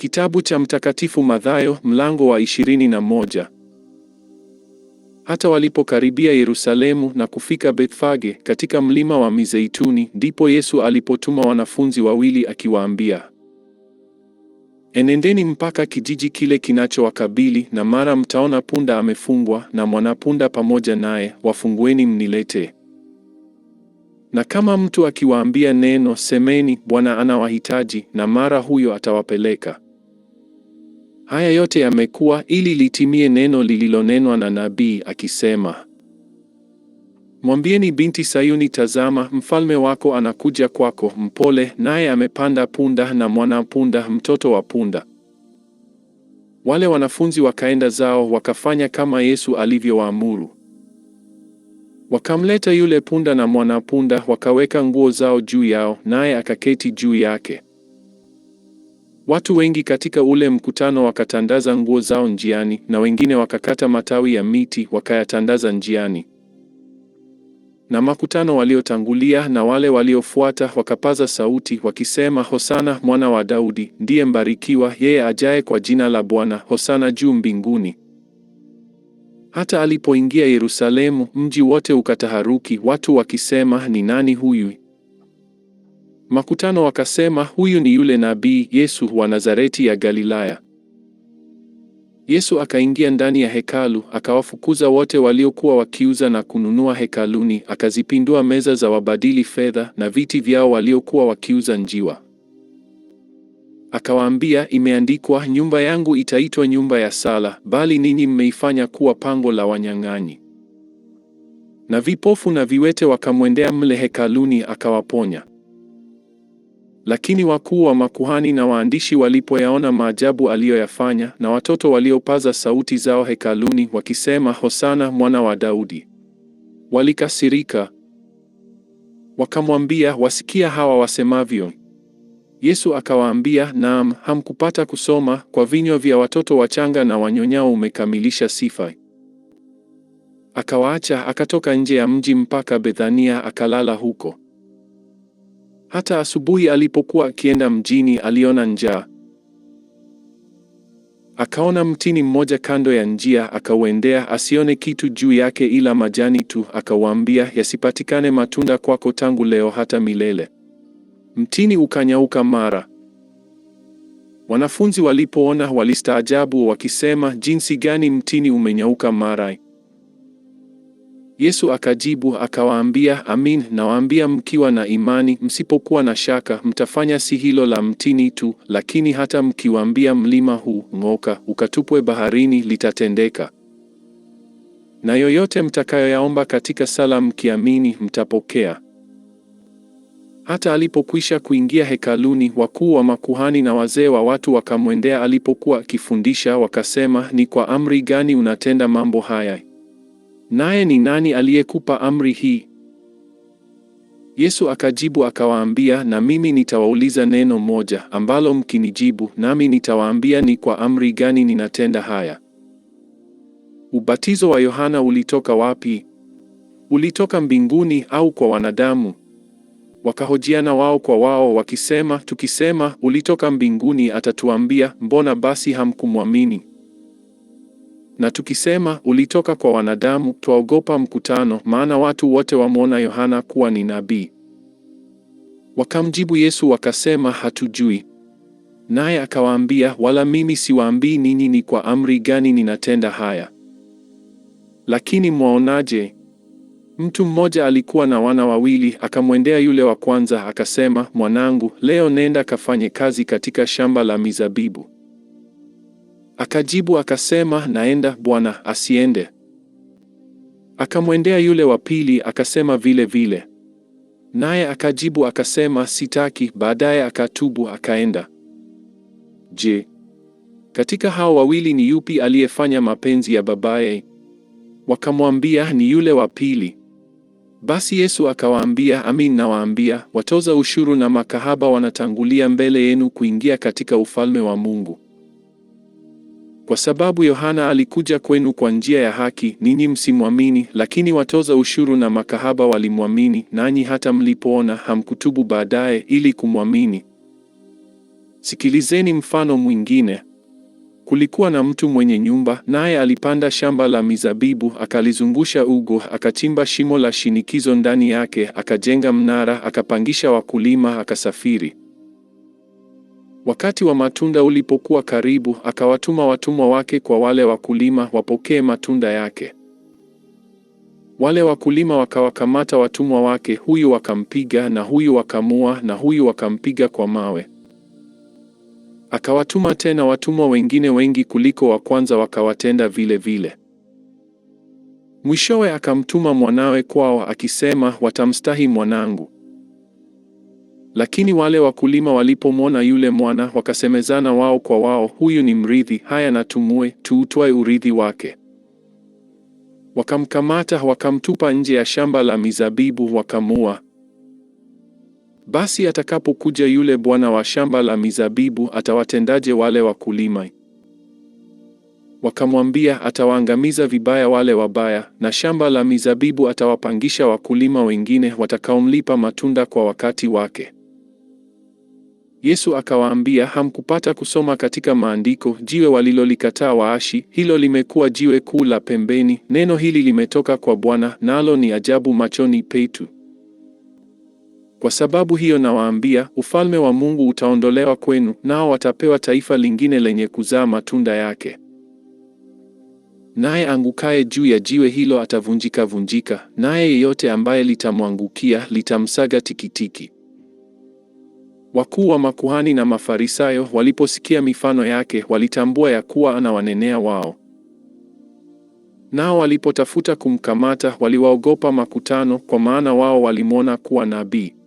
Kitabu cha Mtakatifu Mathayo mlango wa 21. Hata walipokaribia Yerusalemu na kufika Bethfage katika mlima wa Mizeituni, ndipo Yesu alipotuma wanafunzi wawili akiwaambia, enendeni mpaka kijiji kile kinachowakabili, na mara mtaona punda amefungwa na mwanapunda pamoja naye, wafungueni mnilete Na kama mtu akiwaambia neno, semeni Bwana anawahitaji, na mara huyo atawapeleka. Haya yote yamekuwa ili litimie neno lililonenwa na nabii akisema, Mwambieni binti Sayuni, tazama, mfalme wako anakuja kwako, mpole, naye amepanda punda na mwanapunda, mtoto wa punda. Wale wanafunzi wakaenda zao, wakafanya kama Yesu alivyowaamuru. Wakamleta yule punda na mwanapunda, wakaweka nguo zao juu yao, naye akaketi juu yake. Watu wengi katika ule mkutano wakatandaza nguo zao njiani, na wengine wakakata matawi ya miti wakayatandaza njiani. Na makutano waliotangulia na wale waliofuata wakapaza sauti wakisema, Hosana mwana wa Daudi, ndiye mbarikiwa yeye ajaye kwa jina la Bwana, Hosana juu mbinguni. Hata alipoingia Yerusalemu, mji wote ukataharuki, watu wakisema, ni nani huyu? Makutano wakasema, huyu ni yule nabii Yesu wa Nazareti ya Galilaya. Yesu akaingia ndani ya hekalu, akawafukuza wote waliokuwa wakiuza na kununua hekaluni, akazipindua meza za wabadili fedha na viti vyao waliokuwa wakiuza njiwa. Akawaambia, imeandikwa, nyumba yangu itaitwa nyumba ya sala, bali ninyi mmeifanya kuwa pango la wanyang'anyi. Na vipofu na viwete wakamwendea mle hekaluni, akawaponya. Lakini wakuu wa makuhani na waandishi walipoyaona maajabu aliyoyafanya, na watoto waliopaza sauti zao hekaluni wakisema, Hosana mwana wa Daudi, walikasirika, wakamwambia, wasikia hawa wasemavyo? Yesu akawaambia, naam, hamkupata kusoma kwa vinywa vya watoto wachanga na wanyonyao umekamilisha sifa. Akawaacha, akatoka nje ya mji mpaka Bethania, akalala huko. Hata asubuhi alipokuwa akienda mjini, aliona njaa. Akaona mtini mmoja kando ya njia, akauendea asione kitu juu yake ila majani tu. Akawaambia, yasipatikane matunda kwako tangu leo hata milele. Mtini ukanyauka mara. Wanafunzi walipoona walistaajabu, wakisema, jinsi gani mtini umenyauka mara! Yesu akajibu akawaambia, amin nawaambia, mkiwa na imani, msipokuwa na shaka, mtafanya si hilo la mtini tu, lakini hata mkiwaambia mlima huu, ng'oka ukatupwe baharini, litatendeka. Na yoyote mtakayoyaomba katika sala, mkiamini, mtapokea. Hata alipokwisha kuingia hekaluni, wakuu wa makuhani na wazee wa watu wakamwendea alipokuwa akifundisha, wakasema, ni kwa amri gani unatenda mambo haya? naye ni nani aliyekupa amri hii? Yesu akajibu akawaambia, na mimi nitawauliza neno moja, ambalo mkinijibu nami nitawaambia ni kwa amri gani ninatenda haya. Ubatizo wa Yohana ulitoka wapi? Ulitoka mbinguni au kwa wanadamu? Wakahojiana wao kwa wao wakisema, tukisema ulitoka mbinguni, atatuambia mbona basi hamkumwamini? na tukisema ulitoka kwa wanadamu, twaogopa mkutano, maana watu wote wamwona Yohana kuwa ni nabii. Wakamjibu Yesu wakasema, hatujui. Naye akawaambia, wala mimi siwaambii ninyi ni kwa amri gani ninatenda haya. Lakini mwaonaje? Mtu mmoja alikuwa na wana wawili, akamwendea yule wa kwanza akasema, mwanangu, leo nenda kafanye kazi katika shamba la mizabibu Akajibu akasema, naenda bwana, asiende. Akamwendea yule wa pili akasema vile vile, naye akajibu akasema, sitaki. Baadaye akatubu akaenda. Je, katika hao wawili ni yupi aliyefanya mapenzi ya babaye? Wakamwambia, ni yule wa pili. Basi Yesu akawaambia, amin nawaambia, watoza ushuru na makahaba wanatangulia mbele yenu kuingia katika ufalme wa Mungu. Kwa sababu Yohana alikuja kwenu kwa njia ya haki, ninyi msimwamini; lakini watoza ushuru na makahaba walimwamini, nanyi hata mlipoona hamkutubu baadaye ili kumwamini. Sikilizeni mfano mwingine. Kulikuwa na mtu mwenye nyumba, naye alipanda shamba la mizabibu, akalizungusha ugo, akachimba shimo la shinikizo ndani yake, akajenga mnara, akapangisha wakulima, akasafiri. Wakati wa matunda ulipokuwa karibu, akawatuma watumwa wake kwa wale wakulima wapokee matunda yake. Wale wakulima wakawakamata watumwa wake, huyu wakampiga na huyu wakamua na huyu wakampiga kwa mawe. Akawatuma tena watumwa wengine wengi kuliko wa kwanza, wakawatenda vile vile. Mwishowe akamtuma mwanawe kwao, akisema, watamstahi mwanangu. Lakini wale wakulima walipomwona yule mwana, wakasemezana wao kwa wao, huyu ni mrithi, haya na tumue tuutwae urithi wake. Wakamkamata, wakamtupa nje ya shamba la mizabibu, wakamua. Basi atakapokuja yule bwana wa shamba la mizabibu, atawatendaje wale wakulima? Wakamwambia, atawaangamiza vibaya wale wabaya, na shamba la mizabibu atawapangisha wakulima wengine watakaomlipa matunda kwa wakati wake. Yesu akawaambia, hamkupata kusoma katika maandiko, jiwe walilolikataa waashi, hilo limekuwa jiwe kuu la pembeni. Neno hili limetoka kwa Bwana, nalo ni ajabu machoni petu. Kwa sababu hiyo nawaambia, ufalme wa Mungu utaondolewa kwenu, nao watapewa taifa lingine lenye kuzaa matunda yake. Naye angukaye juu ya jiwe hilo atavunjika vunjika, naye yeyote ambaye litamwangukia litamsaga tikitiki. Wakuu wa makuhani na Mafarisayo waliposikia mifano yake, walitambua ya kuwa anawanenea wao. Nao walipotafuta kumkamata, waliwaogopa makutano, kwa maana wao walimwona kuwa nabii.